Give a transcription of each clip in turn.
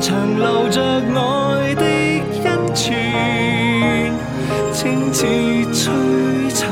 長留着愛的恩泉，清似璀璨。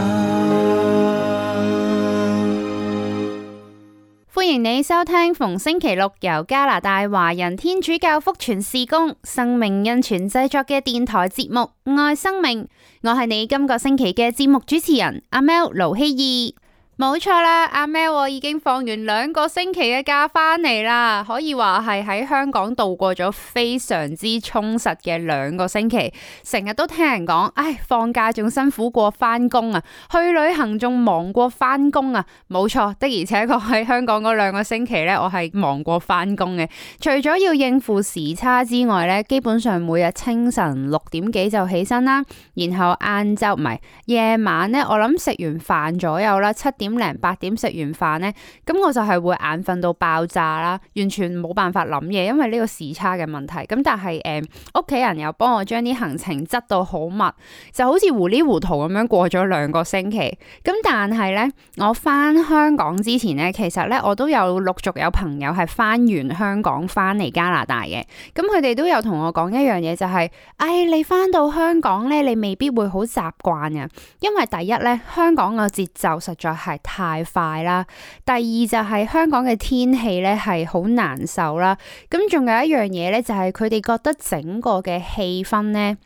歡迎你收聽逢星期六由加拿大華人天主教福傳事工生命恩泉製作嘅電台節目《愛生命》，我係你今個星期嘅節目主持人阿 Mel 盧希義。冇錯啦，阿咩 e 已經放完兩個星期嘅假翻嚟啦，可以話係喺香港度過咗非常之充實嘅兩個星期。成日都聽人講，唉、哎，放假仲辛苦過翻工啊，去旅行仲忙過翻工啊，冇錯的，而且我喺香港嗰兩個星期呢，我係忙過翻工嘅。除咗要應付時差之外呢，基本上每日清晨六點幾就起身啦，然後晏晝唔係夜晚呢，我諗食完飯左右啦，七點。點零八點食完飯呢，咁我就係會眼瞓到爆炸啦，完全冇辦法諗嘢，因為呢個時差嘅問題。咁但係誒，屋企人又幫我將啲行程執到好密，就好似糊裡糊塗咁樣過咗兩個星期。咁但係呢，我翻香港之前呢，其實呢，我都有陸續有朋友係翻完香港翻嚟加拿大嘅。咁佢哋都有同我講一樣嘢，就係唉，你翻到香港呢，你未必會好習慣呀。因為第一呢，香港個節奏實在係。太快啦！第二就係香港嘅天氣咧，係好難受啦。咁仲有一樣嘢咧，就係佢哋覺得整個嘅氣氛咧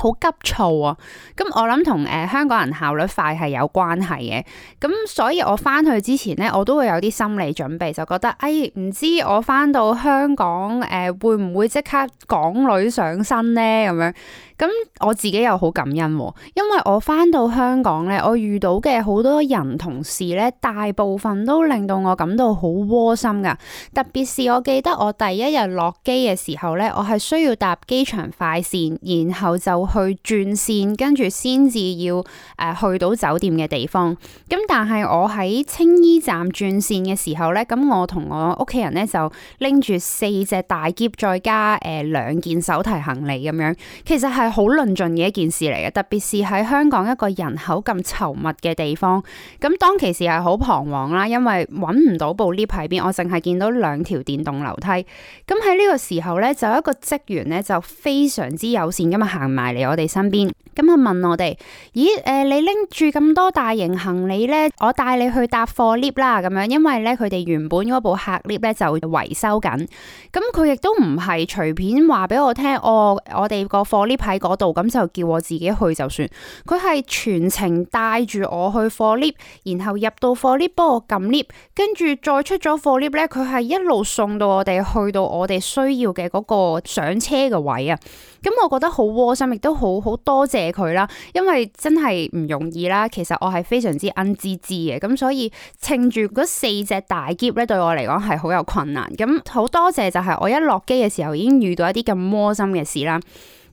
好急躁啊。咁我諗同誒香港人效率快係有關係嘅。咁所以我翻去之前咧，我都會有啲心理準備，就覺得誒，哎，唔知我翻到香港誒、呃、會唔會即刻港女上身呢？咁樣。咁我自己又好感恩啊，因為我翻到香港咧，我遇到嘅好多人同事咧，大部分都令到我感到好窩心噶。特別是我記得我第一日落機嘅時候咧，我係需要搭機場快線，然後就去轉線，跟住先至要誒去到酒店嘅地方。咁但係我喺青衣站轉線嘅時候咧，咁我同我屋企人咧就拎住四隻大篋，再加誒兩件手提行李咁樣，其實係。好論盡嘅一件事嚟嘅，特別是喺香港一個人口咁稠密嘅地方，咁當其時係好彷徨啦，因為揾唔到部 lift 喺邊，我淨係見到兩條電動樓梯。咁喺呢個時候呢，就一個職員呢，就非常之友善咁啊行埋嚟我哋身邊，咁啊問我哋：咦誒、呃，你拎住咁多大型行李呢？我帶你去搭貨 lift 啦咁樣，因為呢，佢哋原本嗰部客 lift 咧就維修緊，咁佢亦都唔係隨便話俾我聽，哦，我哋個貨 lift 係，嗰度咁就叫我自己去就算，佢係全程帶住我去貨 lift，然後入到貨 lift 幫我撳 lift，跟住再出咗貨 lift 咧，佢係一路送到我哋去到我哋需要嘅嗰個上車嘅位啊！咁我覺得好窩心，亦都好好多謝佢啦，因為真係唔容易啦。其實我係非常之恩之滋嘅，咁所以趁住嗰四隻大篋咧，對我嚟講係好有困難。咁好多謝就係我一落機嘅時候已經遇到一啲咁窩心嘅事啦。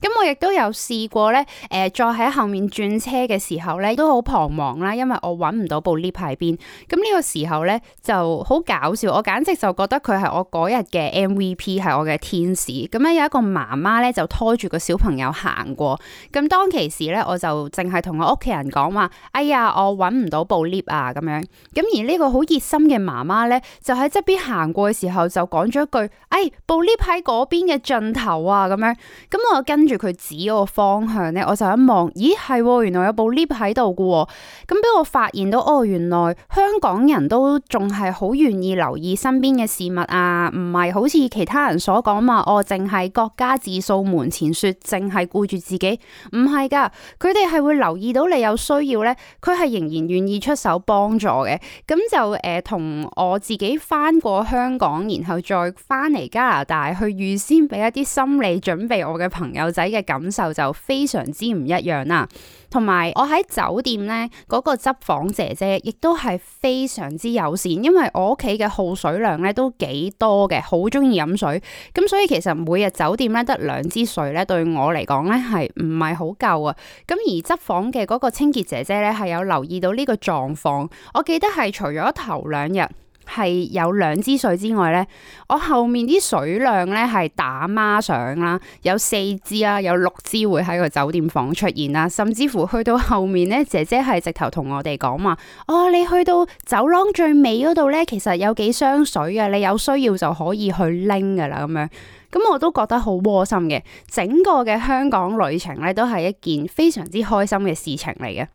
咁我亦都有試過呢，誒再喺後面轉車嘅時候呢，都好彷徨啦，因為我揾唔到部 lift 喺邊。咁呢個時候呢，就好搞笑，我簡直就覺得佢係我嗰日嘅 MVP，係我嘅天使。咁樣有一個媽媽呢，就拖住個小朋友行過，咁當其時呢，我就淨係同我屋企人講話：，哎呀，我揾唔到部 lift 啊！咁樣，咁而呢個好熱心嘅媽媽呢，就喺側邊行過嘅時候就講咗一句：，哎，部 lift 喺嗰邊嘅盡頭啊！咁樣，咁我跟。跟住佢指個方向咧，我就一望，咦，係喎，原來有部 lift 喺度嘅喎。咁俾我發現到，哦，原來香港人都仲係好願意留意身邊嘅事物啊，唔係好似其他人所講嘛，哦，淨係國家自掃門前雪，淨係顧住自己，唔係噶，佢哋係會留意到你有需要咧，佢係仍然願意出手幫助嘅。咁就誒，同、呃、我自己翻過香港，然後再翻嚟加拿大，去預先俾一啲心理準備我嘅朋友。仔嘅感受就非常之唔一樣啦，同埋我喺酒店呢，嗰個執房姐姐亦都係非常之友善，因為我屋企嘅耗水量咧都幾多嘅，好中意飲水，咁所以其實每日酒店咧得兩支水咧對我嚟講咧係唔係好夠啊，咁而執房嘅嗰個清潔姐姐咧係有留意到呢個狀況，我記得係除咗頭兩日。係有兩支水之外呢，我後面啲水量呢係打孖上啦，有四支啊，有六支會喺個酒店房出現啦，甚至乎去到後面呢，姐姐係直頭同我哋講話，哦，你去到走廊最尾嗰度呢，其實有幾箱水嘅，啊，你有需要就可以去拎噶啦，咁樣，咁我都覺得好窩心嘅，整個嘅香港旅程呢，都係一件非常之開心嘅事情嚟嘅。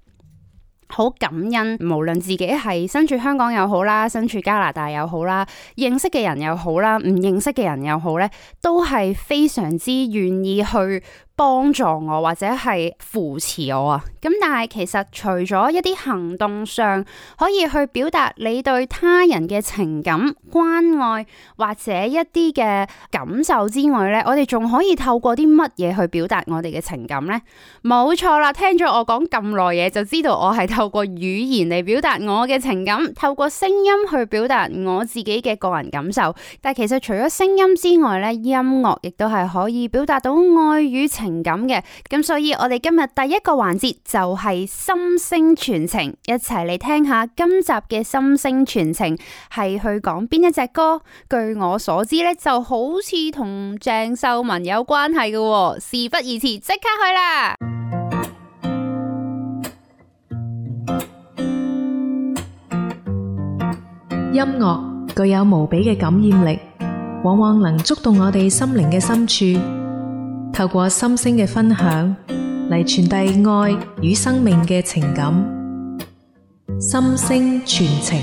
好感恩，無論自己係身處香港又好啦，身處加拿大又好啦，認識嘅人又好啦，唔認識嘅人又好咧，都係非常之願意去幫助我或者係扶持我啊。咁但係，其實除咗一啲行動上可以去表達你對他人嘅情感關愛或者一啲嘅感受之外咧，我哋仲可以透過啲乜嘢去表達我哋嘅情感咧？冇錯啦，聽咗我講咁耐嘢，就知道我係透過語言嚟表達我嘅情感，透過聲音去表達我自己嘅個人感受。但其實除咗聲音之外咧，音樂亦都係可以表達到愛與情。情感嘅，咁所以我哋今日第一個環節就係心聲傳情，一齊嚟聽下今集嘅心聲傳情係去講邊一隻歌。據我所知呢，就好似同鄭秀文有關係嘅。事不宜遲，即刻去啦！音樂具有無比嘅感染力，往往能觸動我哋心靈嘅深處。透過心聲嘅分享嚟傳遞愛與生命嘅情感，心聲傳情。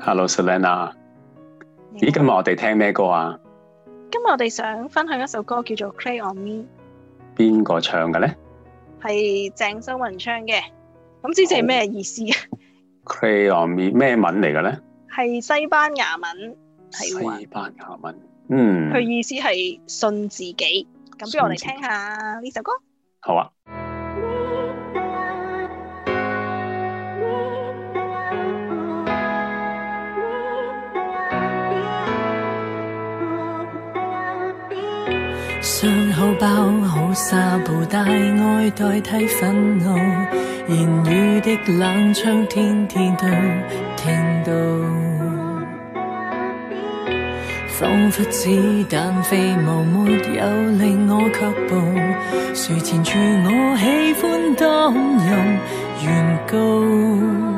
Hello，Selena，咦，今日我哋聽咩歌啊？今日我哋想分享一首歌叫做《Cray On Me》，邊個唱嘅咧？係鄭秀文唱嘅。咁知唔知係咩意思啊？oh. ？Cray On Me 咩文嚟嘅咧？係西班牙文。西班牙文，嗯。佢意思係信自己。咁不如我哋聽下呢首歌。好啊。傷口包好紗布，大愛代替憤怒，言語的冷槍天天都聽到，仿佛子彈飛舞，沒有令我卻步，誰纏住我喜歡當任原告。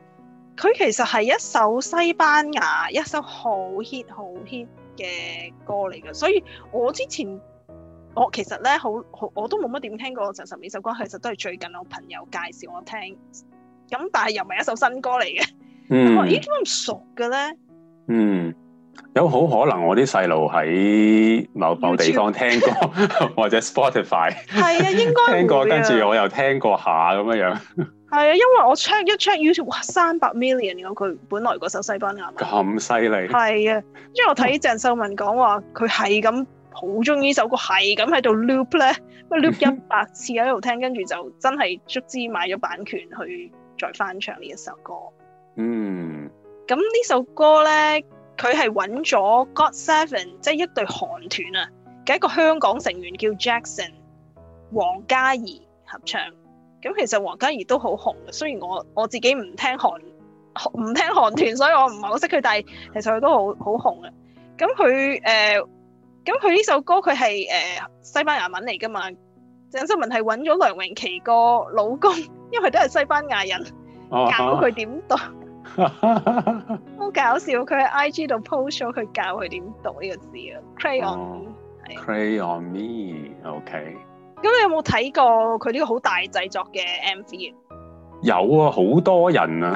佢其實係一首西班牙，一首好 hit 好 hit 嘅歌嚟嘅，所以我之前我其實咧好好我都冇乜點聽過。就係呢首歌其實都係最近我朋友介紹我聽，咁但係又唔係一首新歌嚟嘅。嗯，我咦點解咁熟嘅咧？嗯，有好可能我啲細路喺某某地方聽過，或者 Spotify 。係啊，應該、啊、聽過，跟住我又聽過下咁樣樣。係啊，因為我 check 一 check YouTube，哇三百 million 㗎，佢本來嗰首西班牙文。咁犀利。係啊，因為我睇鄭秀文講話，佢係咁好中意呢首歌，係咁喺度 loop 咧，咩 loop 一百次喺度聽，跟 住就真係足之買咗版權去再翻唱呢一首歌。嗯。咁呢首歌咧，佢係揾咗 GOT7，即係一隊韓團啊，嘅一個香港成員叫 Jackson 王嘉爾合唱。咁其實黃嘉怡都好紅嘅，雖然我我自己唔聽韓唔聽韓團，所以我唔係好識佢，但係其實佢都好好紅嘅。咁佢誒，咁佢呢首歌佢係誒西班牙文嚟㗎嘛？鄭秀文係揾咗梁詠琪個老公，因為佢都係西班牙人，教佢點讀，好、oh, oh. 搞笑。佢喺 IG 度 post 咗佢教佢點讀呢個字啊，Cray on c r a y on me，OK。咁你有冇睇過佢呢個好大製作嘅 MV？有啊，好多人啊，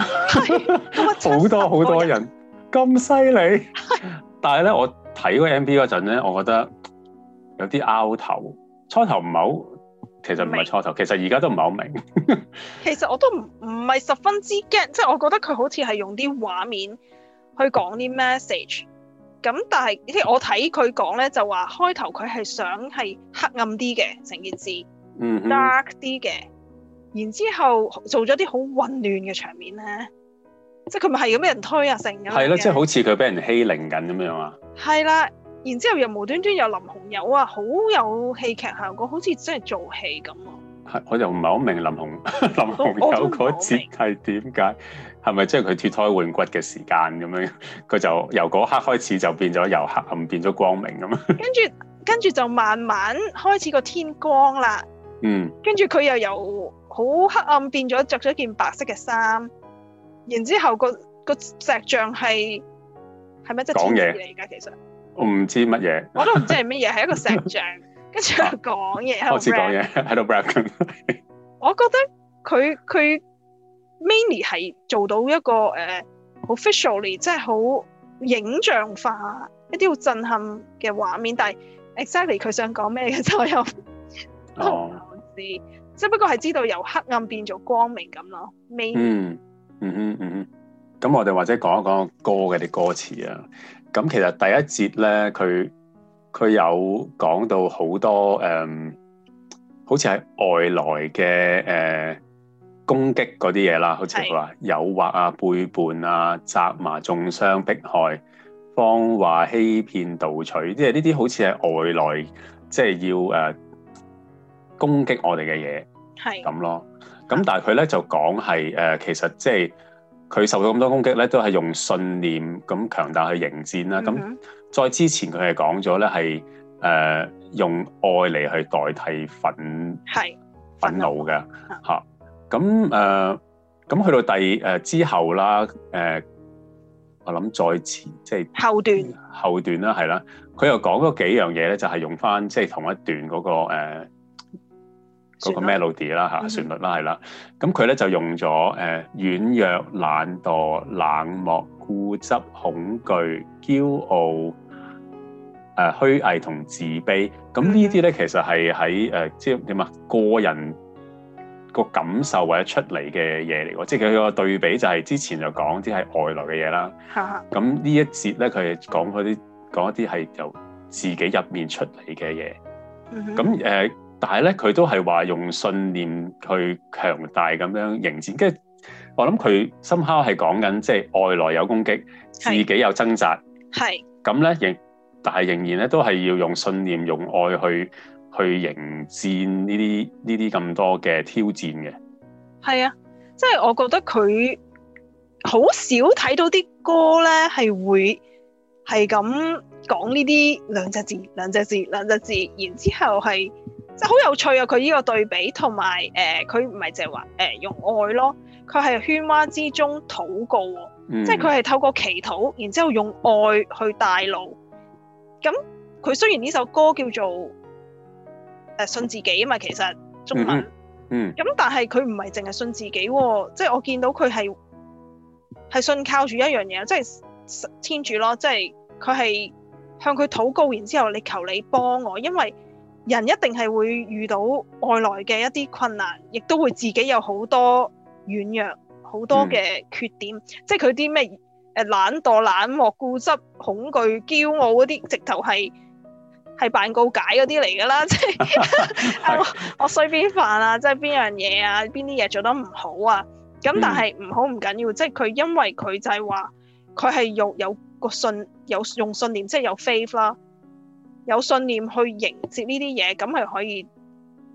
好 多好多人，咁犀利。 但係咧，我睇嗰 MV 嗰陣咧，我覺得有啲拗頭，初頭唔係好，其實唔係初頭，其實而家都唔係好明。 其實我都唔唔係十分之 get，即係我覺得佢好似係用啲畫面去講啲 message。咁但係、嗯嗯，即我睇佢講咧，就話開頭佢係想係黑暗啲嘅成件事，dark 啲嘅，然之後做咗啲好混亂嘅場面咧，即係佢咪係咁俾人推啊成，係咯，即係好似佢俾人欺凌緊咁樣啊。係啦，然之後又無端端有林紅友啊，好有戲劇效果，好似真係做戲咁啊。係，我又唔係好明林紅 林紅友嗰節係點解。係咪即係佢脫胎換骨嘅時間咁樣？佢 就由嗰刻開始就變咗由黑暗變咗光明咁樣！跟住跟住就慢慢開始個天光啦。嗯。跟住佢又由好黑暗變咗着咗件白色嘅衫，然之後、那個個石像係係咪即係講嘢嚟噶？其實我唔知乜嘢，我，唔知乜嘢我都唔知係乜嘢，係 一個石像，跟住又講嘢，開始講嘢喺度。我， 我覺得佢佢。他 Manny n 係做到一個誒 officially、呃、即係好影像化一啲好震撼嘅畫面，但係 exactly 佢想講咩嘅，就又唔知、哦。只不過係知道由黑暗變做光明咁咯。Manny，n 嗯嗯嗯嗯，咁、嗯嗯嗯、我哋或者講一講歌嘅啲歌詞啊。咁其實第一節咧，佢佢有講到好多誒、嗯，好似係外來嘅誒。嗯攻擊嗰啲嘢啦，好似佢話誘惑啊、背叛啊、責罵、中傷、迫害、謊話、欺騙、盜取，即係呢啲好似係外來，即、就、係、是、要誒、呃、攻擊我哋嘅嘢，係咁咯。咁但係佢咧就講係誒，其實即係佢受到咁多攻擊咧，都係用信念咁強大去迎戰啦。咁、嗯、再之前佢係講咗咧係誒用愛嚟去代替憤，係憤怒嘅嚇。咁誒，咁、呃、去到第誒、呃、之後啦，誒、呃，我諗再前即係後段，後段啦，係啦，佢又講嗰幾樣嘢咧，就係、是、用翻即係同一段嗰、那個誒嗰、呃那個 melody 啦、嗯、嚇，旋律啦係啦，咁佢咧就用咗誒、呃、軟弱、懶惰、冷漠、固執、恐懼、驕、呃、傲、誒虛偽同自卑，咁、嗯、呢啲咧其實係喺誒即係點啊個人。個感受或者出嚟嘅嘢嚟嘅，即係佢個對比就係之前就講啲係外來嘅嘢啦。嚇嚇。咁呢一節咧，佢係講嗰啲講一啲係由自己入面出嚟嘅嘢。咁誒，但係咧，佢都係話用信念去強大咁樣迎戰。跟住我諗佢深刻係講緊，即係外來有攻擊，自己有掙扎。係。咁咧仍，但係仍然咧都係要用信念、用愛去。去迎戰呢啲呢啲咁多嘅挑戰嘅，係啊，即係我覺得佢好少睇到啲歌咧，係會係咁講呢啲兩隻字、兩隻字、兩隻字，然之後係即係好有趣啊！佢呢個對比同埋誒，佢唔係淨係話誒用愛咯，佢係喧嘩之中禱告，嗯、即係佢係透過祈禱，然之後用愛去帶路。咁佢雖然呢首歌叫做。誒信自己啊嘛，其實中文，嗯，咁、嗯、但係佢唔係淨係信自己喎，即係我見到佢係係信靠住一樣嘢，即係天主咯，即係佢係向佢禱告，然之後你求你幫我，因為人一定係會遇到外來嘅一啲困難，亦都會自己有好多軟弱、好多嘅缺點，嗯、即係佢啲咩誒懶惰、懶惰、固執、恐懼、驕傲嗰啲，直頭係。係扮告解嗰啲嚟㗎啦，即係 是 我我衰邊犯啊，即係邊樣嘢啊，邊啲嘢做得唔好啊，咁但係唔好唔緊要，即係佢因為佢就係話佢係用有個信有用信念，即係有 faith 啦，有信念去迎接呢啲嘢，咁係可以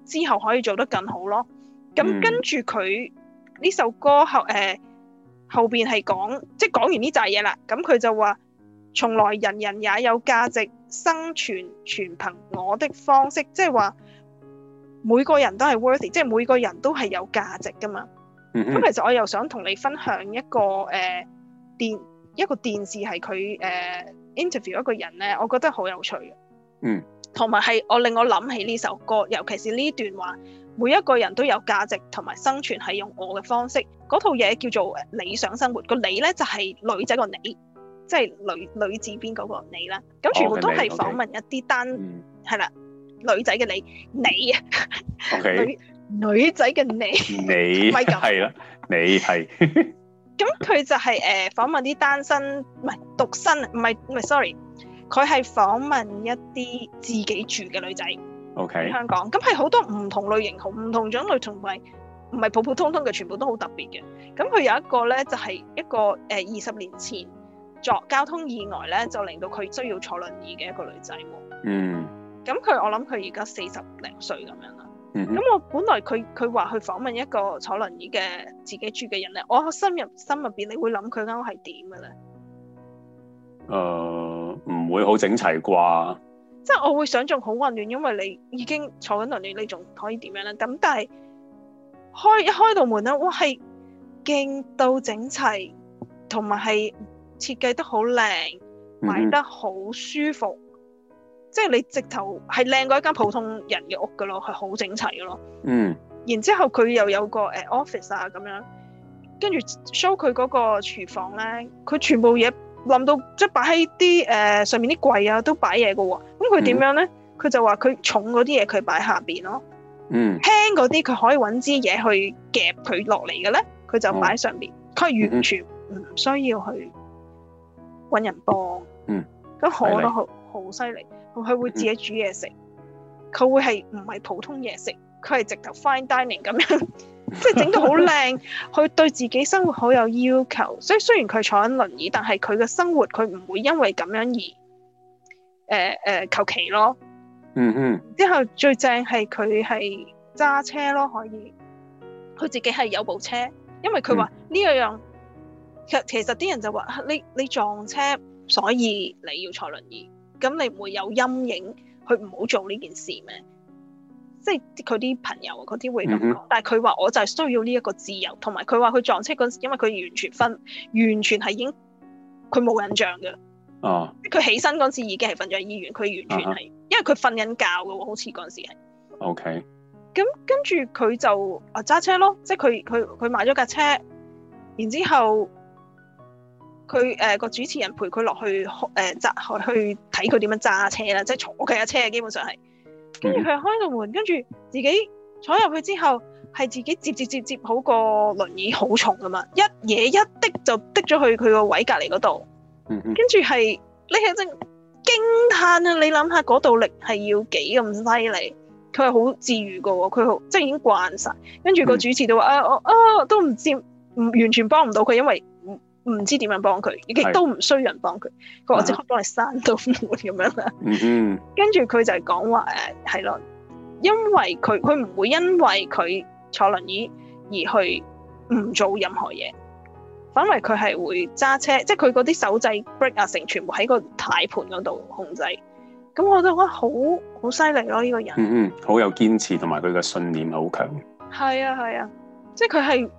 之後可以做得更好咯。咁跟住佢呢首歌後誒、呃、後邊係講即係講完呢扎嘢啦，咁佢就話從來人人也有價值。生存全憑我的方式，即係話每個人都係 worthy，即係每個人都係有價值噶嘛。咁、mm -hmm. 其實我又想同你分享一個誒、呃、電一個電視係佢誒 interview 一個人咧，我覺得好有趣嘅。嗯，同埋係我令我諗起呢首歌，尤其是呢段話，每一個人都有價值，同埋生存係用我嘅方式。嗰套嘢叫做《理想生活》呢，個你咧就係、是、女仔個你。即係女女字邊嗰嗰個你啦，咁全部都係訪問一啲單係啦，哦 okay. 女仔嘅你你啊，okay. 女女仔嘅你你係咯，你係咁，佢就係誒訪問啲單身，唔係獨身，唔係唔係，sorry，佢係訪問一啲，呃呃呃、自己住嘅女仔。OK，香港咁係好多唔同類型同唔同種類，同埋唔係普普通通嘅，全部都好特別嘅。咁佢有一個咧，就係、係、一個誒二十年前，作交通意外咧，就令到佢需要坐輪椅嘅一個女仔喎。嗯。咁佢我諗佢而家四十零歲咁樣啦。嗯。咁我本來佢佢話去訪問一個坐輪椅嘅自己住嘅人咧，我心入心入邊，你會諗佢間屋係點嘅咧？誒、呃，唔會好整齊啩？即係我會想象好混亂，因為你已經坐緊輪椅，你仲可以點樣咧？咁但係開一開道門咧，哇係，勁到整齊，同埋係。設計得好靚，買得好舒服，mm-hmm. 即係你直頭係靚過一間普通人嘅屋噶咯，係好整齊噶咯。嗯。然之後佢又有個誒、呃、office 啊咁樣，跟住 show 佢嗰個廚房咧，佢全部嘢冧到即係擺喺啲誒上面啲櫃啊都擺嘢噶喎。咁佢點樣咧？佢就話佢重嗰啲嘢佢擺下邊咯。嗯。輕嗰啲佢可以揾支嘢去夾佢落嚟嘅咧，佢就擺喺上邊。佢、oh. 係完全唔需要去。搵人幫，咁、嗯、可都好好犀利。佢會自己煮嘢食，佢、嗯、會係唔係普通嘢食？佢係直頭 fine dining 咁樣，即係整到好靚。佢 對自己生活好有要求，所以雖然佢坐緊輪椅，但係佢嘅生活佢唔會因為咁樣而誒誒求其咯。嗯哼，之、嗯、後最正係佢係揸車咯，可以佢自己係有部車，因為佢話呢一樣。其實啲人就話啊，你你撞車，所以你要坐輪椅，咁你唔會有陰影，去唔好做呢件事咩？即係佢啲朋友嗰啲會咁講、嗯，但係佢話我就係需要呢一個自由，同埋佢話佢撞車嗰時，因為佢完全瞓，完全係已經佢冇印象嘅。哦，佢起身嗰時已經係瞓咗喺醫院，佢完全係、啊啊、因為佢瞓緊覺嘅喎，好似嗰時係。OK，咁跟住佢就啊揸車咯，即係佢佢佢買咗架車，然之後。佢個、呃、主持人陪佢落去、呃、去開揸去睇佢點樣揸車啦，即係坐嘅車，基本上係。跟住佢開個門，跟、嗯、住自己坐入去之後，係自己接接接接好個輪椅好重㗎嘛，一嘢一滴就滴咗去佢個位隔離嗰度。跟住係，你係真驚嘆啊！你諗下嗰度力係要幾咁犀利，佢係好治癒㗎喎，佢好即係已經慣晒。跟住個主持都話、嗯，啊我啊都唔知，唔完全幫唔到佢，因為。唔知點樣幫佢，亦都唔需要人幫佢。佢話即刻幫你閂到門咁樣啦。跟住佢就係講話誒，係咯，因為佢佢唔會因為佢坐輪椅而去唔做任何嘢，反為佢係會揸車，即係佢嗰啲手掣 break 啊，成全部喺個軚盤嗰度控制。咁我都覺得好好犀利咯，呢個人。嗯嗯，好有堅持同埋佢嘅信念好強。係啊係啊，即係佢係。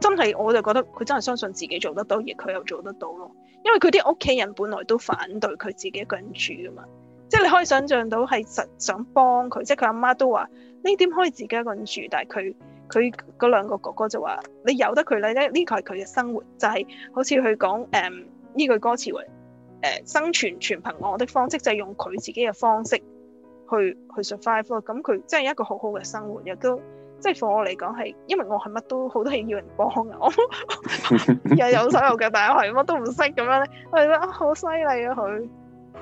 真係，我就覺得佢真係相信自己做得到，而佢又做得到咯。因為佢啲屋企人本來都反對佢自己一個人住㗎嘛，即係你可以想像到係實想幫佢。即係佢阿媽都話呢點可以自己一個人住，但係佢佢嗰兩個哥哥就話你由得佢啦，呢、這、呢個係佢嘅生活，就係、是、好似佢講誒呢句歌詞為誒、呃、生存全憑我的方式，就係、是、用佢自己嘅方式去去 survive 咯。咁佢真係一個很好好嘅生活，亦都。即係 for 我嚟講係，因為我係乜都好多嘢要人幫的 的的的很啊！我又有手有腳，但係乜都唔識咁樣咧，我覺得好犀利啊！佢，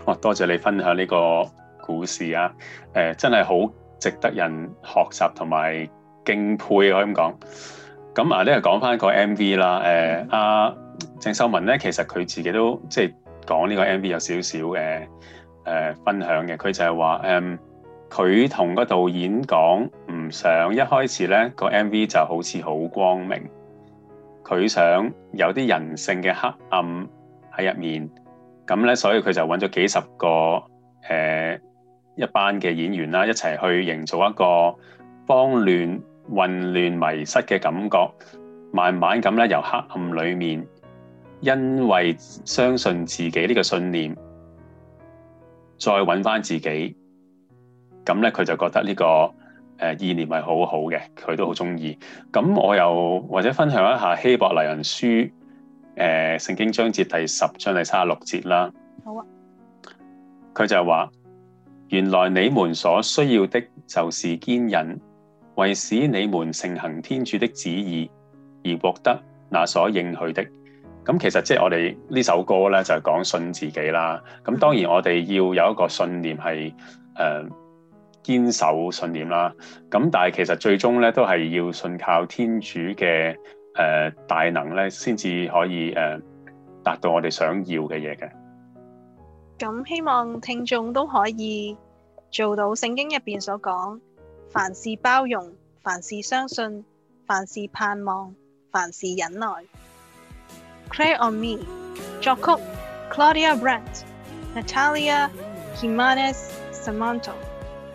哇，多謝你分享呢個故事啊！誒、呃，真係好值得人學習同埋敬佩的，可以咁講。咁、嗯呃嗯、啊，呢個講翻個 M V 啦。誒，阿鄭秀文咧，其實佢自己都即係講呢個 M V 有少少嘅誒分享嘅。佢就係話誒。呃佢同個導演講唔想一開始呢個 MV 就好似好光明，佢想有啲人性嘅黑暗喺入面，咁呢，所以佢就揾咗幾十個、呃、一班嘅演員啦，一齊去營造一個慌亂、混亂、迷失嘅感覺，慢慢咁咧由黑暗裏面，因為相信自己呢個信念，再揾翻自己。咁咧，佢就覺得呢、這個誒、呃、意念係好好嘅，佢都好中意。咁我又或者分享一下希伯來人書誒聖、呃、經章節第十章第三十六節啦。好啊。佢就話：原來你們所需要的就是堅忍，為使你們成行天主的旨意而獲得那所應許的。咁其實即係我哋呢首歌咧，就係、是、講信自己啦。咁當然我哋要有一個信念係誒。呃堅守信念啦，咁但係其實最終咧都係要信靠天主嘅誒大能咧，先至可以誒達到我哋想要嘅嘢嘅。咁希望聽眾都可以做到聖經入邊所講，凡事包容，凡事相信，凡事盼望，凡事忍耐。Cry on me, 作曲 Claudia Brant Natalia Jimanes Samanto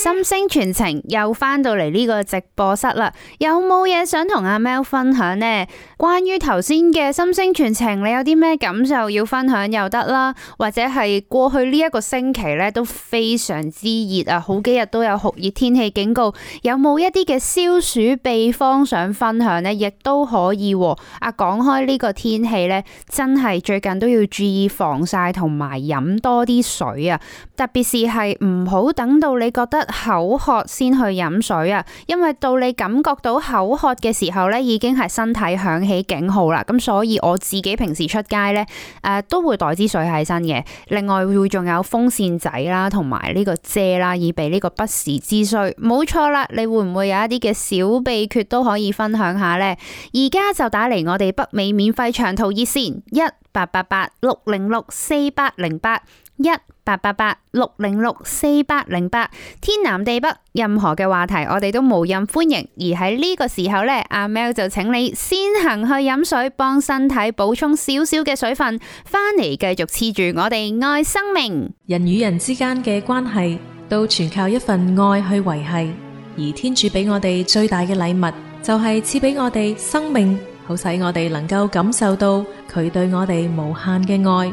心星全程又返到嚟呢個直播室啦，有冇嘢想同阿 Mel 分享呢？關於頭先嘅心星全程，你有啲咩感受要分享又得啦，或者係過去呢一個星期呢都非常之熱啊，好幾日都有酷熱天氣警告，有冇一啲嘅消暑秘方想分享呢？亦都可以啊。講開呢個天氣呢，真係最近都要注意防曬同埋飲多啲水啊，特別是係唔好等到你覺得口渴先去飲水啊，因為到你感覺到口渴嘅時候呢，已經係身體響起警號啦。咁所以我自己平時出街呢，誒都會袋支水喺身嘅。另外會仲有風扇仔啦，同埋呢個遮啦，以備呢個不時之需。冇錯啦，你會唔會有一啲嘅小秘訣都可以分享下呢？而家就打嚟，我哋北美免費長途熱線一八八八六零六四八零八一。八八八六零六四八零八，天南地北，任何嘅話題我哋都無任歡迎。而喺呢個時候咧，阿 Mail 就請你先行去飲水，幫身體補充少少嘅水分，翻嚟繼續黐住我哋愛生命。人與人之間嘅關係，都全靠一份愛去維繫。而天主俾我哋最大嘅禮物，就係賜俾我哋生命，好使我哋能夠感受到佢對我哋無限嘅愛。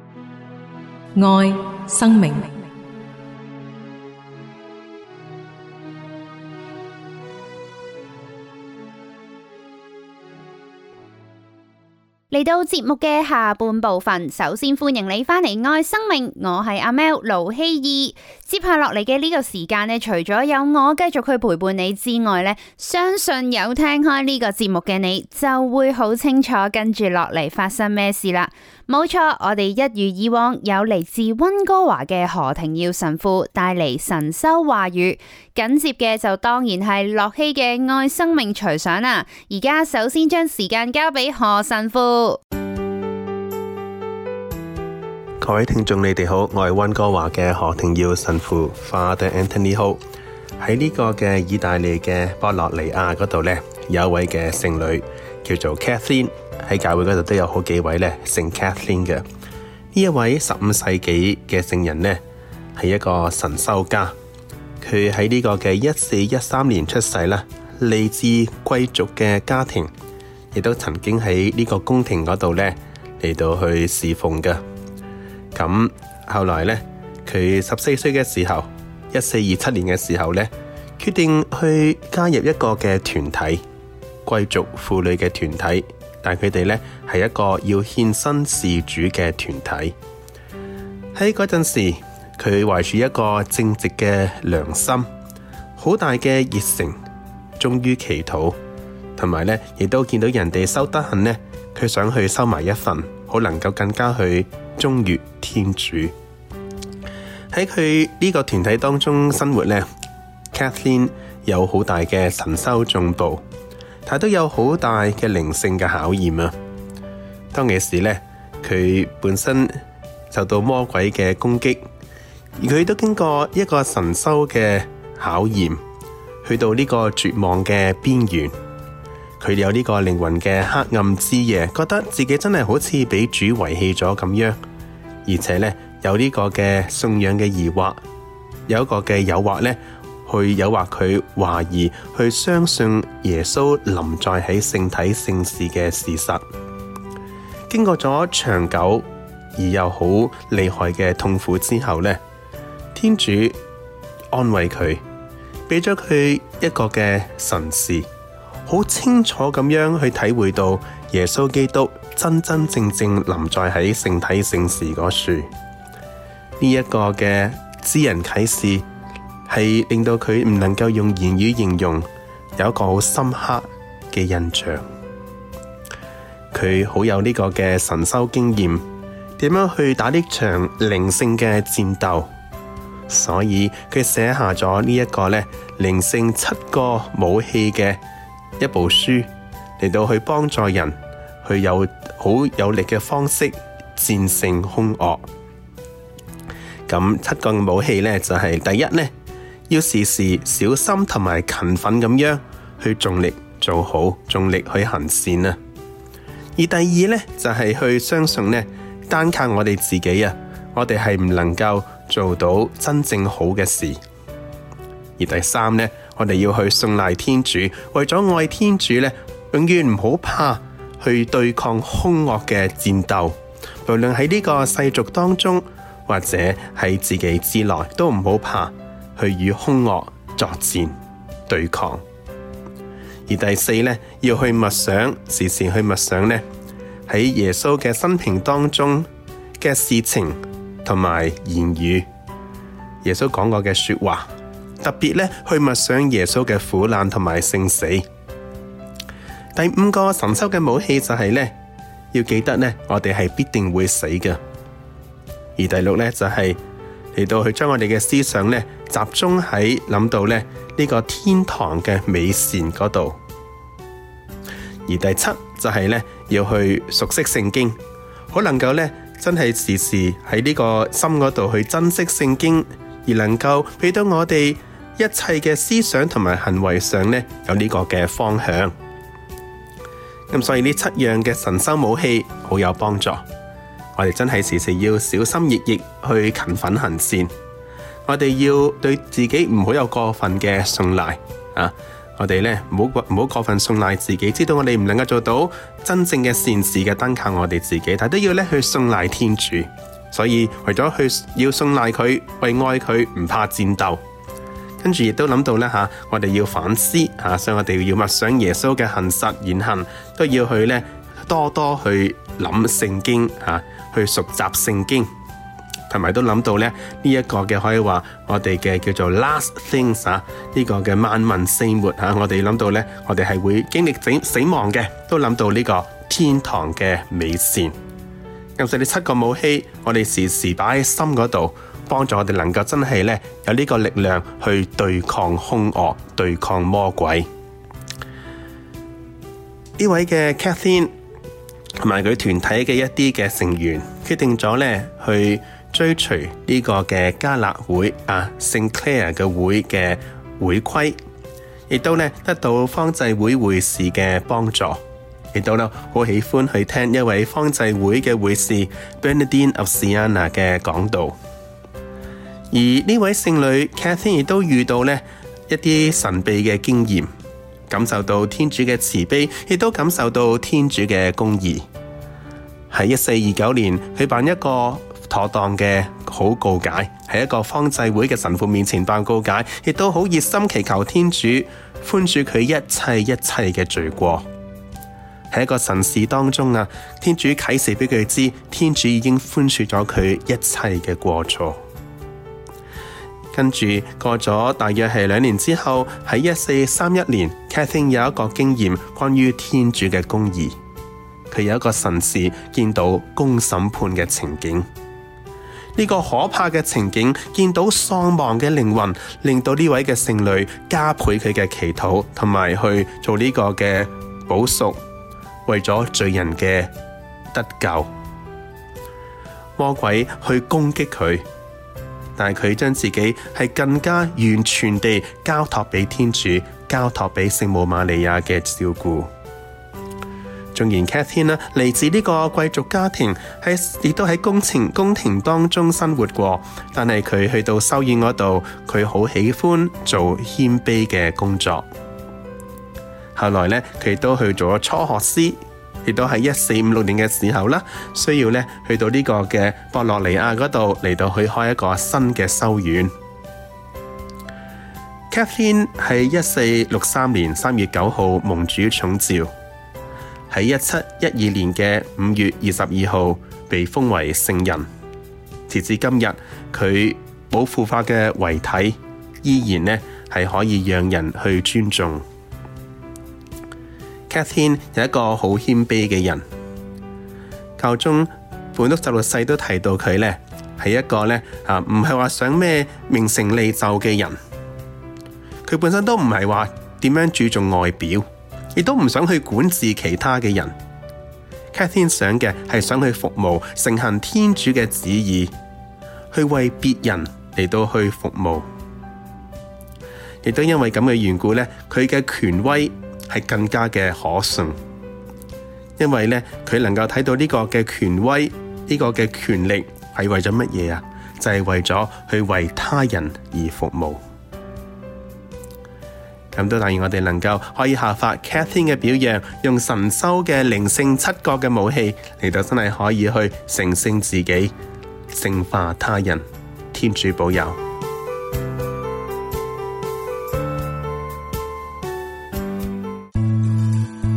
愛生命，嚟到節目嘅下半部分，首先歡迎你翻嚟愛生命，我係阿 Mel 盧希爾。接下落嚟嘅呢個時間呢，除咗有我繼續去陪伴你之外呢，相信有聽開呢個節目嘅你，就會好清楚跟住落嚟發生咩事啦。冇錯，我哋一如以往，有嚟自溫哥華嘅何庭耀神父帶嚟神修話語。緊接嘅就當然係駱曦嘅愛生命隨想啦。而家首先將時間交俾何神父。各位聽眾，你哋好，我係溫哥華嘅何庭耀神父 Father Anthony Ho。喺呢個嘅意大利嘅波洛尼亞嗰度呢，有一位嘅聖女叫做 Catherine。喺教會嗰度都有好幾位咧，聖 Catherine 嘅呢一位十五世紀嘅聖人呢，係一個神修家。佢喺呢個嘅一四一三年出世啦，嚟自貴族嘅家庭，亦都曾經喺呢個宮廷嗰度呢嚟到去侍奉噶。咁後來呢，佢十四歲嘅時候，一四二七年嘅時候呢，決定去加入一個嘅團體，貴族婦女嘅團體。但佢哋咧，係一個要獻身事主嘅團體。喺嗰陣時，佢懷住一個正直嘅良心，好大嘅熱誠，忠於祈禱，同埋咧，亦都見到人哋收得肯咧，佢想去收埋一份，好能夠更加去忠於天主。喺佢呢個團體當中生活咧，Catherine 有好大嘅神修進度。但係都有好大嘅靈性嘅考驗啊！當其時咧，佢本身受到魔鬼嘅攻擊，而佢都經過一個神修嘅考驗，去到呢個絕望嘅邊緣。佢有呢個靈魂嘅黑暗之夜，覺得自己真係好似俾主遺棄咗咁樣，而且咧，有呢個嘅信仰嘅疑惑，有一個嘅誘惑咧，去誘惑佢懷疑，去相信耶穌臨在喺聖體聖事嘅事實。經過咗長久而又好厲害嘅痛苦之後呢，天主安慰佢，俾咗佢一個嘅神視，好清楚咁樣去體會到耶穌基督真真正正臨在喺聖體聖事、這個樹呢一個嘅私人啟示。係令到佢唔能夠用言語形容，有一個好深刻嘅印象。佢好有呢個嘅神修經驗，點樣去打呢場靈性嘅戰鬥？所以佢寫下咗呢一個呢靈性七個武器嘅一部書嚟到去幫助人去有好有力嘅方式戰勝凶惡。咁七個武器呢，就係、是、第一呢。要時時小心，同埋勤奮咁樣去盡力做好，盡力去行善啊。而第二呢，就係去相信呢，單靠我哋自己啊，我哋係唔能夠做到真正好嘅事。而第三呢，我哋要去信賴天主，為咗愛天主呢，永遠唔好怕去對抗凶惡嘅戰鬥，無論喺呢個世俗當中或者喺自己之內，都唔好怕。去與凶惡作戰對抗，而第四呢，要去默想，時時去默想呢，喺耶穌嘅生平當中嘅事情同埋言語，耶穌講過嘅說話，特別呢去默想耶穌嘅苦難同埋聖死。第五個神修嘅武器就係呢：要記得呢，我哋係必定會死嘅。而第六呢，就係嚟到去將我哋嘅思想呢。集中喺諗到咧呢個天堂嘅美善嗰度，而第七就係咧要去熟悉聖經，好能夠咧真係時時喺呢個心嗰度去珍惜聖經，而能夠去到我哋一切嘅思想同埋行為上咧有呢個嘅方向。咁所以呢七樣嘅神修武器好有幫助，我哋真係時時要小心翼翼去勤奮行善。我哋要對自己唔好有過分嘅信賴啊！我哋咧唔好過唔好過分信賴自己，知道我哋唔能夠做到真正嘅善事嘅，單靠我哋自己，但都要咧去信賴天主。所以為咗去要信賴佢，為愛佢，唔怕戰鬥。跟住亦都諗到咧吓、啊，我哋要反思吓、啊，所以我哋要默想耶穌嘅行實言行，都要去咧多多去諗聖經吓、啊，去熟習聖經。同埋都諗到咧，呢、這、一個嘅可以話我哋嘅叫做 last things 啊，呢、這個嘅萬民四末啊，我哋諗到咧，我哋係會經歷死死亡嘅，都諗到呢個天堂嘅美善。尤其是你七個武器，我哋時時擺喺心嗰度，幫助我哋能夠真係咧有呢個力量去對抗兇惡、對抗魔鬼。呢位嘅 Catherine 同埋佢團體嘅一啲嘅成員決定咗咧去。追隨呢個嘅加勒會啊，聖 Claire 嘅會嘅會規，亦都咧得到方濟會會士嘅幫助，亦都啦好喜歡去聽一位方濟會嘅會士 Bernardine of Siena 嘅講道。而呢位聖女 Catherine 亦都遇到呢一啲神秘嘅經驗，感受到天主嘅慈悲，亦都感受到天主嘅公義。喺一四二九年，佢辦一個妥當嘅好告解，喺一個方濟會嘅神父面前辦告解，亦都好熱心祈求天主寬恕佢一切一切嘅罪過。喺一個神事當中啊，天主啟示俾佢知，天主已經寬恕咗佢一切嘅過錯。跟住過咗大約係兩年之後，喺一四三一年，Catherine 有一個經驗，關於天主嘅公義，佢有一個神事見到公審判嘅情景。呢個可怕嘅情景，見到喪亡嘅靈魂，令到呢位嘅聖女加倍佢嘅祈禱，同埋去做呢個嘅補贖，為咗罪人嘅得救。魔鬼去攻擊佢，但係佢將自己係更加完全地交託俾天主，交託俾聖母瑪利亞嘅照顧。縱然 Catherine 咧嚟自呢個貴族家庭，喺亦都喺宮廷宮廷當中生活過，但係佢去到修院嗰度，佢好喜歡做謙卑嘅工作。後來呢，佢都去做咗初學師，亦都喺一四五六年嘅時候啦，需要呢去到呢個嘅博洛尼亞嗰度嚟到去開一個新嘅修院。 Catherine 喺一四六三年三月九號，蒙主寵召。喺一七一二年嘅五月二十二號被封為聖人，截至今日，佢冇腐化嘅遺體依然咧係可以讓人去尊重。a 卡特琳係一個好謙卑嘅人，教宗本篤十六世都提到佢呢係一個咧啊唔係話想咩名成利就嘅人，佢本身都唔係話點樣注重外表。亦都唔想去管治其他嘅人，Catherine 想嘅係想去服務，誠行天主嘅旨意，去為別人嚟到去服務。亦都因為咁嘅緣故咧，佢嘅權威係更加嘅可信，因為咧佢能夠睇到呢個嘅權威，呢個嘅權力係為咗乜嘢啊？就係為咗去為他人而服務。咁都但願我哋能夠可以下發加大肋納嘅表揚，用神修嘅靈性七覺嘅武器嚟到真係可以去成聖自己、聖化他人。天主保佑。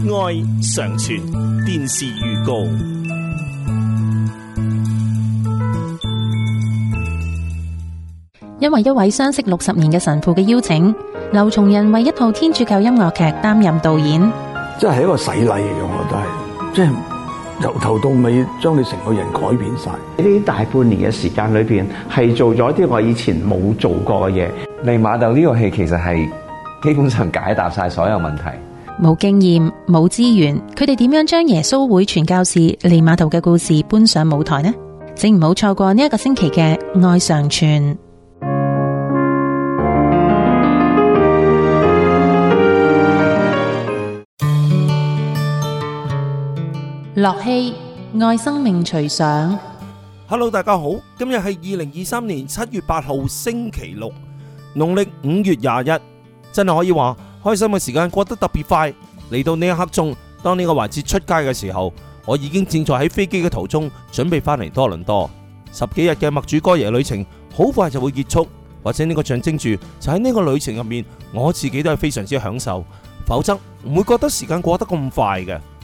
愛常傳電視預告，因為一位相識六十年嘅神父嘅邀請。劉松仁為一套天主教音樂劇擔任導演，即係一個洗禮嚟嘅，我覺得係，即係由頭到尾將你成個人改變晒。呢大半年嘅時間裏邊，係做咗啲我以前冇做過嘅嘢。利瑪竇呢個戲其實係基本上解答晒所有問題。冇經驗、冇資源，佢哋點樣將耶穌會傳教士利瑪竇嘅故事搬上舞台呢？請唔好錯過呢一個星期嘅《愛常傳》。駱曦愛生命隨想，Hello，大家好，今日係二零二三年七月八號星期六，農曆五月廿一，真係可以話開心嘅時間過得特別快。嚟到呢一刻鐘，當呢個環節出街嘅時候，我已經正在喺飛機嘅途中準備翻嚟多倫多，十幾日嘅墨主哥爺旅程好快就會結束，或者呢個象徵住就喺呢個旅程入面，我自己都係非常之享受，否則唔會覺得時間過得咁快嘅。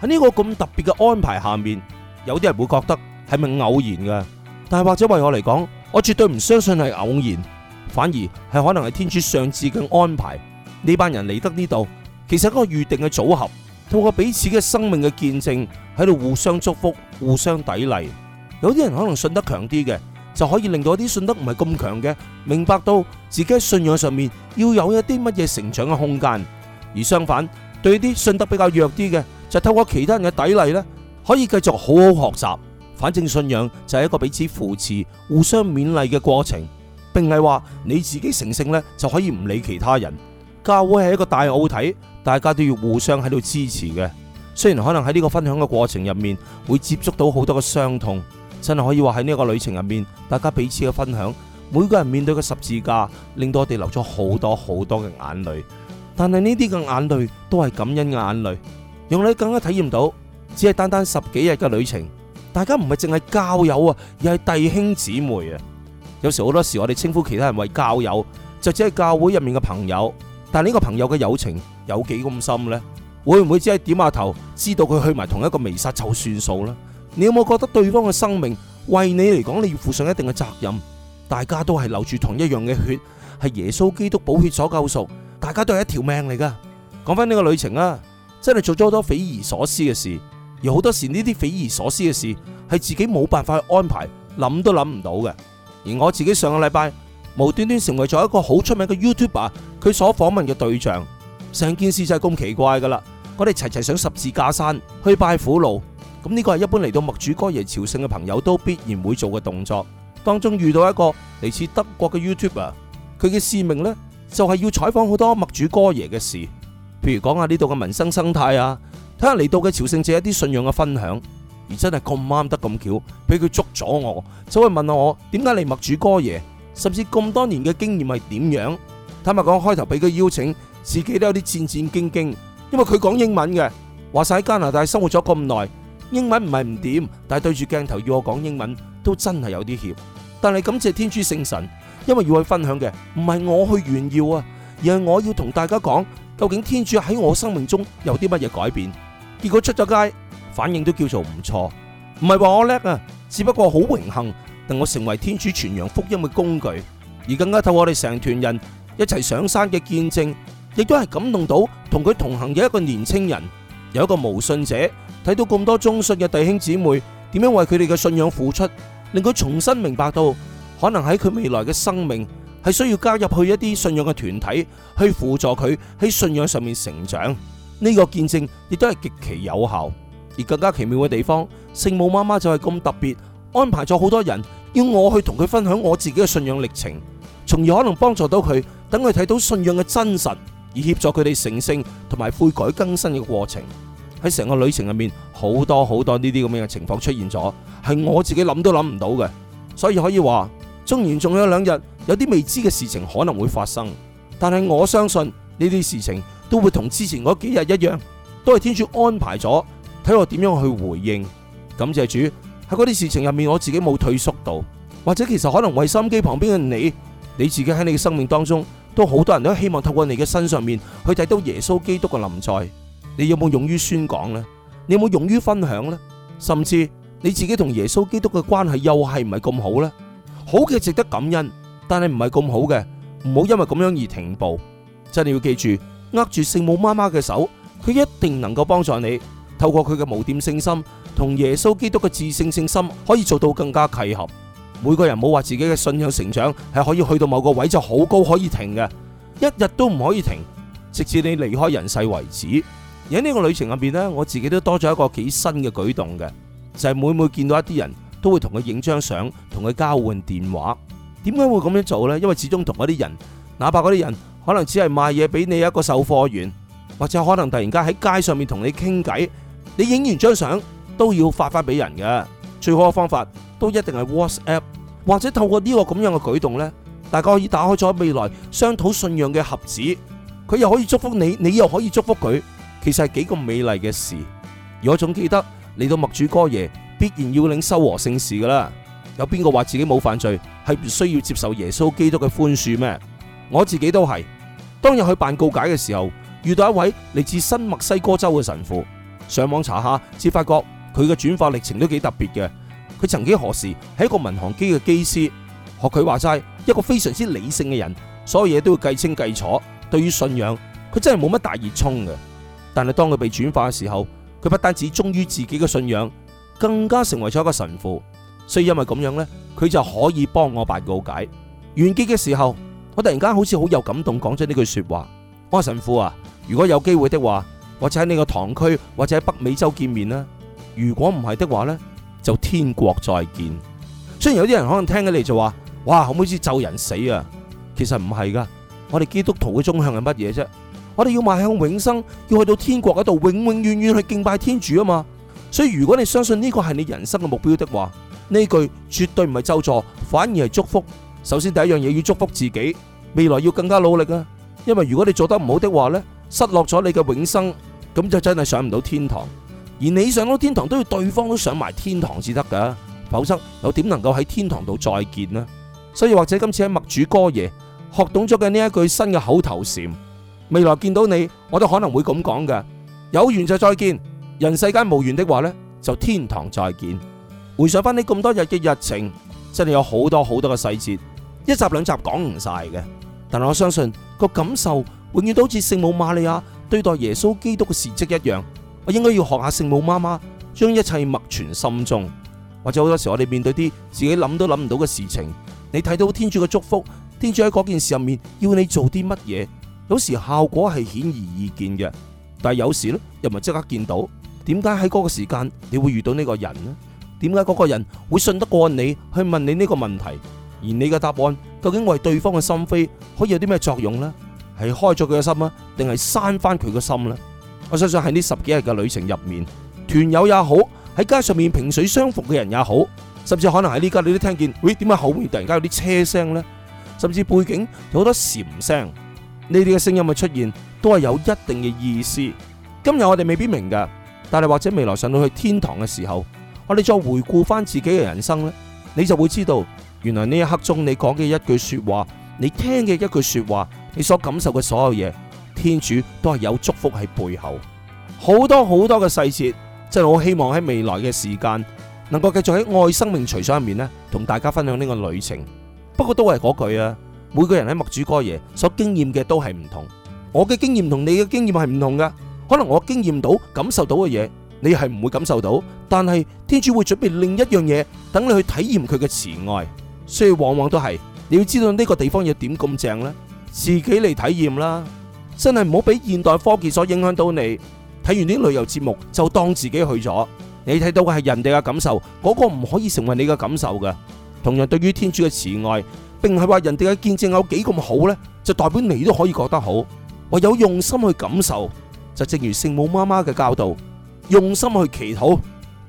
喺呢個咁特別嘅安排下面，有啲人會覺得係咪偶然嘅？但係或者為我嚟講，我絕對唔相信係偶然，反而係可能係天主上智嘅安排。呢班人嚟得呢度，其實一個預定嘅組合，透過彼此嘅生命嘅見證，喺度互相祝福，互相砥礪。有啲人可能信得強啲嘅，就可以令到一啲信得唔係咁強嘅明白到自己喺信仰上面要有一啲乜嘢成長嘅空間。而相反，對啲信得比較弱啲嘅。就透過其他人嘅砥礪呢，可以繼續好好學習。反正信仰就係一個彼此扶持、互相勉勵嘅過程，並係話你自己成聖呢就可以唔理其他人。教會係一個大奧體，大家都要互相喺度支持嘅。雖然可能喺呢個分享嘅過程入面會接觸到好多嘅傷痛，真係可以話喺呢個旅程入面，大家彼此嘅分享，每個人面對嘅十字架，令到我哋流咗好多好多嘅眼淚。但係呢啲嘅眼淚都係感恩嘅眼淚。讓你更加體驗到，只係單單十幾日嘅旅程，大家唔係淨係教友啊，而係弟兄姊妹啊。有時好多時我哋稱呼其他人為教友，就只係教會入面嘅朋友。但呢個朋友嘅友情有幾咁深呢？會唔會只係點下頭，知道佢去埋同一個彌撒就算數呢？你有冇覺得對方嘅生命為你嚟講，你要負上一定嘅責任？大家都係流住同一樣嘅血，係耶穌基督寶血所救贖，大家都係一條命嚟噶。講翻呢個旅程啊！真係做咗好多匪夷所思嘅事，而好多時呢啲匪夷所思嘅事係自己冇辦法去安排，諗都諗唔到嘅。而我自己上個禮拜無端端成為咗一個好出名嘅 YouTuber，佢所訪問嘅對象，成件事就係咁奇怪噶啦。我哋齊齊上十字架山去拜苦路，咁呢個係一般嚟到麥主哥爺朝聖嘅朋友都必然會做嘅動作。當中遇到一個嚟自德國嘅 YouTuber，佢嘅使命呢，就係要採訪好多麥主哥爺嘅事。譬如講下，呢度嘅民生生態啊，睇下嚟到嘅朝聖者一啲信仰嘅分享，而真係咁啱得咁巧，俾佢捉咗我，就會問下我點解你默主哥耶，甚至咁多年嘅經驗係點樣？坦白講，開頭俾佢邀請，自己都有啲戰戰兢兢，因為佢講英文嘅，話晒喺加拿大生活咗咁耐，英文唔係唔掂，但係對住鏡頭要我講英文都真係有啲怯。但係感謝天主聖神，因為要去分享嘅唔係我去炫耀啊，而係我要同大家講。究竟天主喺我生命中有啲乜嘢改變？結果出咗街，反應都叫做唔錯。唔係話我叻啊，只不過好榮幸令我成為天主傳揚福音嘅工具，而更加透過我哋成團人一齊上山嘅見證，亦都係感動到同佢同行嘅一個年青人，有一個無信者睇到咁多忠信嘅弟兄姊妹點樣為佢哋嘅信仰付出，令佢重新明白到可能喺佢未來嘅生命。係需要加入去一啲信仰嘅團體去輔助佢喺信仰上面成長，呢個見證亦都係極其有效。而更加奇妙嘅地方，聖母媽媽就係咁特別安排咗好多人，要我去同佢分享我自己嘅信仰歷程，從而可能幫助到佢，等佢睇到信仰嘅真實，而協助佢哋成聖同埋悔改更新嘅過程。喺成個旅程入面，好多好多呢啲咁樣嘅情況出現咗，係我自己諗都諗唔到嘅，所以可以話。縱然仲有兩日，有啲未知嘅事情可能會發生，但係我相信呢啲事情都會同之前嗰幾日一樣，都係天主安排咗，睇我點樣去回應。感謝主喺嗰啲事情入面，我自己冇退縮到，或者其實可能為心機旁邊嘅你，你自己喺你嘅生命當中，都好多人都希望透過你嘅身上面去睇到耶穌基督嘅臨在。你有冇勇於宣講呢？你有冇勇於分享呢？甚至你自己同耶穌基督嘅關係又係唔係咁好呢？好嘅值得感恩，但係唔係咁好嘅，唔好因為咁樣而停步。真係要記住，握住聖母媽媽嘅手，佢一定能夠幫助你。透過佢嘅無玷聖心，同耶穌基督嘅至聖聖心，可以做到更加契合。每個人冇話自己嘅信仰成長係可以去到某個位就好高可以停嘅，一日都唔可以停，直至你離開人世為止。而喺呢個旅程入邊咧，我自己都多咗一個幾新嘅舉動嘅，就係每每見到一啲人。都會同佢影張相，同佢交換電話。點解會咁樣做呢？因為始終同嗰啲人，哪怕嗰啲人可能只係賣嘢俾你一個售貨員，或者可能突然間喺街上面同你傾偈，你影完張相都要發翻俾人嘅。最好嘅方法都一定係 WhatsApp，或者透過呢個咁樣嘅舉動呢，大家可以打開咗未來商討信仰嘅盒子，佢又可以祝福你，你又可以祝福佢，其實係幾個美麗嘅事。如果仲記得嚟到默主哥耶，必然要領修和聖事噶啦。有邊個話自己冇犯罪，係唔需要接受耶穌基督嘅寬恕咩？我自己都係當日去辦告解嘅時候，遇到一位嚟自新墨西哥州嘅神父。上網查下，至發覺佢嘅轉化歷程都幾特別嘅。佢曾經何時係一個民航機嘅機師，學佢話齋一個非常之理性嘅人，所有嘢都要計清計楚。對於信仰，佢真係冇乜大熱衷嘅。但係當佢被轉化嘅時候，佢不單止忠於自己嘅信仰。更加成為咗一個神父，所以因為咁樣呢，佢就可以幫我辦告解。完結嘅時候，我突然間好似好有感動，講咗呢句說話：我神父啊，如果有機會的話，或者喺呢個堂區或者喺北美洲見面啦；如果唔係的話呢，就天國再見。雖然有啲人可能聽起嚟就話：哇，可唔可以咒人死啊？其實唔係噶，我哋基督徒嘅中向係乜嘢啫？我哋要邁向永生，要去到天國嗰度永永遠遠去敬拜天主啊嘛。所以如果你相信呢個係你人生嘅目標的話，呢句絕對唔係咒詛，反而係祝福。首先第一樣嘢要祝福自己，未來要更加努力啊！因為如果你做得唔好的話咧，失落咗你嘅永生，咁就真係上唔到天堂。而你上到天堂都要對方都上埋天堂至得噶，否則又點能夠喺天堂度再見呢？所以或者今次喺默主歌耶學懂咗嘅呢一句新嘅口頭禪，未來見到你我都可能會咁講嘅，有緣就再見。人世間無緣的話呢，就天堂再見。回想翻你咁多日嘅日程，真係有好多好多嘅細節，一集兩集講唔晒嘅。但係我相信個感受，永遠都好似聖母瑪利亞對待耶穌基督嘅事蹟一樣。我應該要學下聖母媽媽，將一切默存心中。或者好多時候我哋面對啲自己諗都諗唔到嘅事情，你睇到天主嘅祝福，天主喺嗰件事入面要你做啲乜嘢，有時效果係顯而易見嘅，但係有時呢，又唔係即刻見到。點解喺嗰個時間你會遇到呢個人咧？點解嗰個人會信得過你去問你呢個問題？而你嘅答案究竟為對方嘅心扉可以有啲咩作用咧？係開咗佢嘅心啊，定係閂返佢嘅心咧？我相信喺呢十幾日嘅旅程入面，團友也好，喺街上面萍水相逢嘅人也好，甚至可能喺呢家你都聽見，喂，點解後面突然間有啲車聲咧？甚至背景有好多蟬聲，呢啲嘅聲音嘅出現，都係有一定嘅意思。今日我哋未必明噶。但係或者未來上到去天堂嘅時候，我哋再回顧翻自己嘅人生呢，你就會知道，原來呢一刻中你講嘅一句說話，你聽嘅一句說話，你所感受嘅所有嘢，天主都係有祝福喺背後，好多好多嘅細節，即係我希望喺未來嘅時間，能夠繼續喺愛生命隨想入面呢，同大家分享呢個旅程。不過都係嗰句啊，每個人喺默主哥爺所經驗嘅都係唔同，我嘅經驗同你嘅經驗係唔同噶。可能我經驗到、感受到嘅嘢，你係唔會感受到，但係天主會準備另一樣嘢等你去體驗佢嘅慈愛。所以往往都係，你要知道呢個地方要點咁正呢，自己嚟體驗啦。真係唔好俾現代科技所影響到你。睇完啲旅遊節目就當自己去咗，你睇到嘅係人哋嘅感受，嗰個唔可以成為你嘅感受嘅。同樣對於天主嘅慈愛，並唔係話人哋嘅見證有幾咁好呢，就代表你都可以覺得好。我有用心去感受。就正如聖母媽媽嘅教導，用心去祈禱，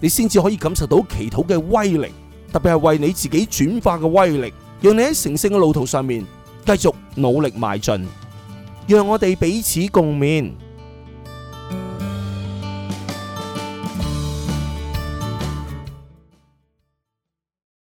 你先至可以感受到祈禱嘅威力，特別係為你自己轉化嘅威力，讓你喺成聖嘅路途上面繼續努力邁進，讓我哋彼此共勉。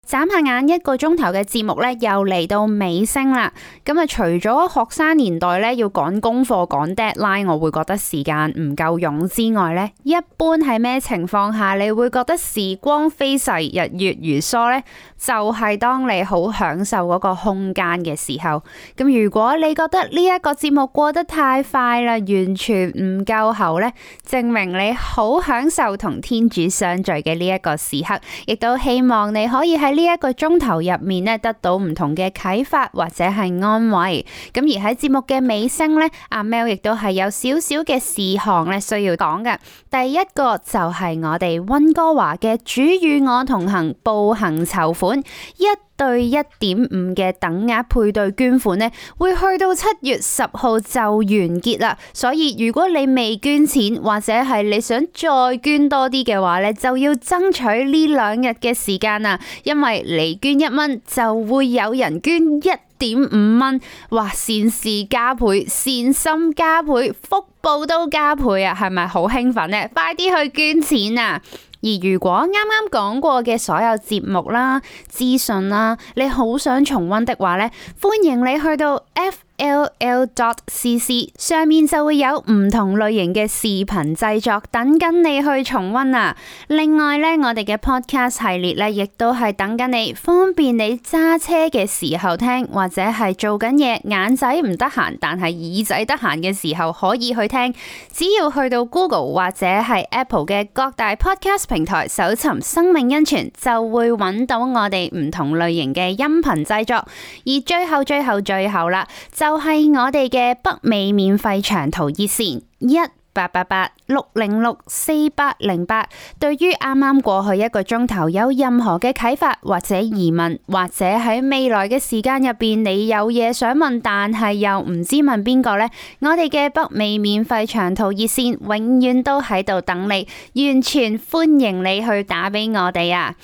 眨下眼一個鐘頭嘅節目咧，又嚟到尾聲啦。咁啊，除咗學生年代咧要趕功課、趕 deadline，我會覺得時間唔夠用之外咧，一般喺咩情況下你會覺得時光飛逝、日月如梭咧？就係當你好享受嗰個空間嘅時候。咁如果你覺得呢一個節目過得太快啦，完全唔夠喉咧，證明你好享受同天主相聚嘅呢一個時刻，亦都希望你可以喺。呢一個鐘頭入面咧，得到唔同嘅啟發或者係安慰。咁而喺節目嘅尾聲呢，阿 Mel 亦都係有少少嘅事項咧需要講嘅。第一個就係我哋溫哥華嘅主與我同行步行籌款一對一點五嘅等額配對捐款呢，會去到七月十號就完結啦。所以如果你未捐錢，或者係你想再捐多啲嘅話呢，就要爭取呢兩日嘅時間啊！因為你捐一蚊就會有人捐一點五蚊，哇！善事加倍，善心加倍，福報都加倍啊！係咪好興奮呢？快啲去捐錢啊！而如果啱啱講過嘅所有節目啦、資訊啦，你好想重溫的話咧，歡迎你去到 F ll dot cc 上面就會有唔同類型嘅視頻製作等緊你去重溫啊！另外呢，我哋嘅 podcast 系列呢，亦都係等緊你，方便你揸車嘅時候聽，或者係做緊嘢眼仔唔得閒，但係耳仔得閒嘅時候可以去聽。只要去到 Google 或者係 Apple 嘅各大 podcast 平台搜尋生命恩泉，就會揾到我哋唔同類型嘅音頻製作。而最後、最後、最後啦，就。就係我哋嘅北美免費長途熱線一八八八六零六四八零八。對於啱啱過去一個鐘頭有任何嘅啟發或者疑問，或者喺未來嘅時間入邊你有嘢想問，但係又唔知問邊個呢，我哋嘅北美免費長途熱線永遠都喺度等你，完全歡迎你去打俾我哋啊！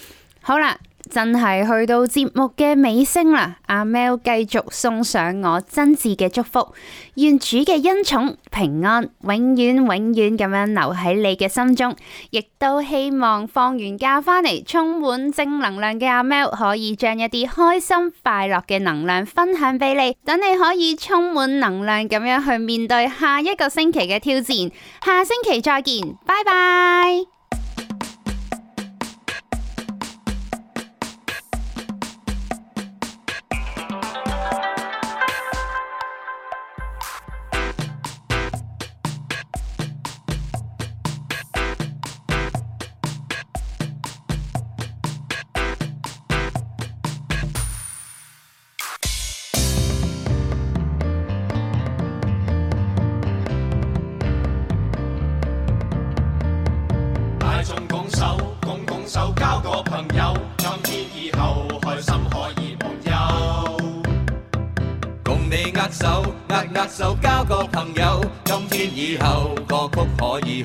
好啦。真係去到節目嘅尾聲啦，阿 Mel 繼續送上我真摯嘅祝福，願主嘅恩寵平安永遠永遠咁樣留喺你嘅心中，亦都希望放完假翻嚟充滿正能量嘅阿 Mel 可以將一啲開心快樂嘅能量分享俾你，等你可以充滿能量咁樣去面對下一個星期嘅挑戰，下星期再見，拜拜。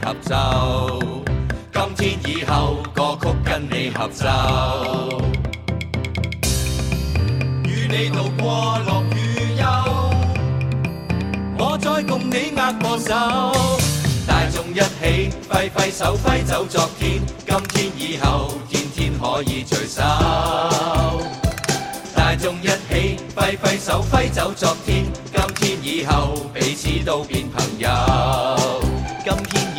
合奏，今天以後歌曲跟你合奏，與你度過樂與憂，我再共你握個手。大眾一起揮揮手，揮走昨天，今天以後天天可以聚首。大眾一起揮揮手，揮走昨天，今天以後彼此都變朋友。今天。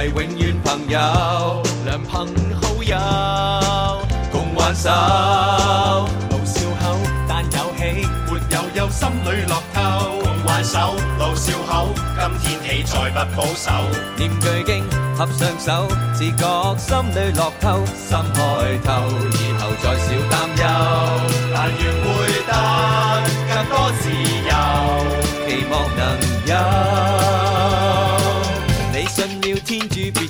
係永遠朋友，良朋好友共挽手，老笑口但有喜，沒有憂，心裏樂透。共挽手，老笑口，今天起再不保守，念句經，合上手，自覺心裏樂透，心開頭，以後再少擔憂。但願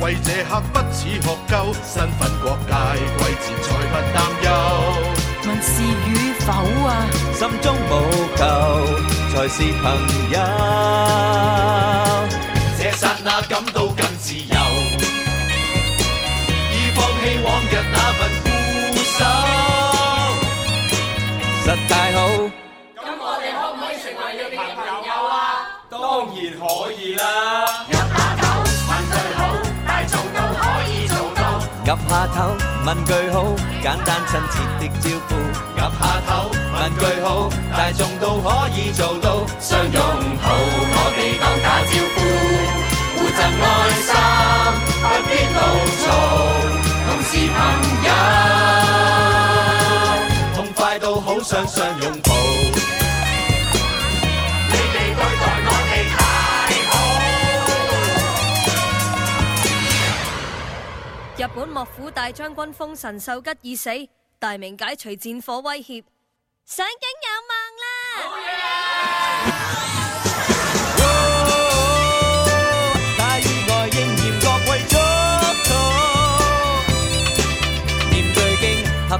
為這刻不似學究，身份國界貴賤才不擔憂。問是與否啊，心中無求才是朋友。這剎那啊，感到更自由，已放棄往日那份固守，實太好。咁我哋可唔可以成為一啲朋友啊？當然可以啦。岌下頭，問句好，簡單親切的招呼。岌下頭，問句好，大眾都可以做到。相擁抱，我哋當打招呼，互贈愛心，不必怒燥，同事朋友，痛快到好想相擁抱。本幕府大將軍豐臣秀吉已死，大明解除戰火威脅，上京有望啦！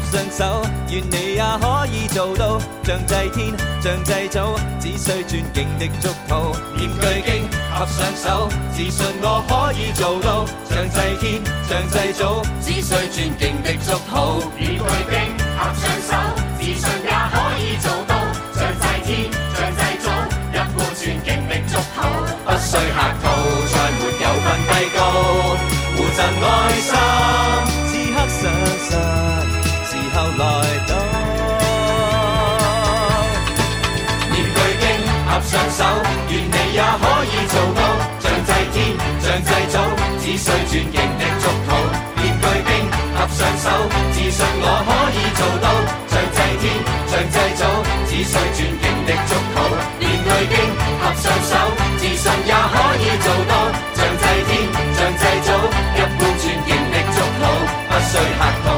上手，願你也可以做到。像祭天，像祭祖，只需尊敬的祝禱。念句經，合上手，自信我可以做到。像祭天，像祭祖，只需尊敬的祝禱。念句經，合上手，自信也可以做到。像祭天，像祭祖，一般尊敬的祝禱。不需客套，再沒有，有份愧疚。互贈愛心，此刻實實來到念句經，合上手，願你也可以做到，像祭天，像祭祖，只需專精的祝禱。念句經，合上手，自信我可以做到，像祭天，像祭祖，只需專精的祝禱。念句經，合上手，自信也可以做到，像祭天，像祭祖，一般專精的祝禱，不需客套。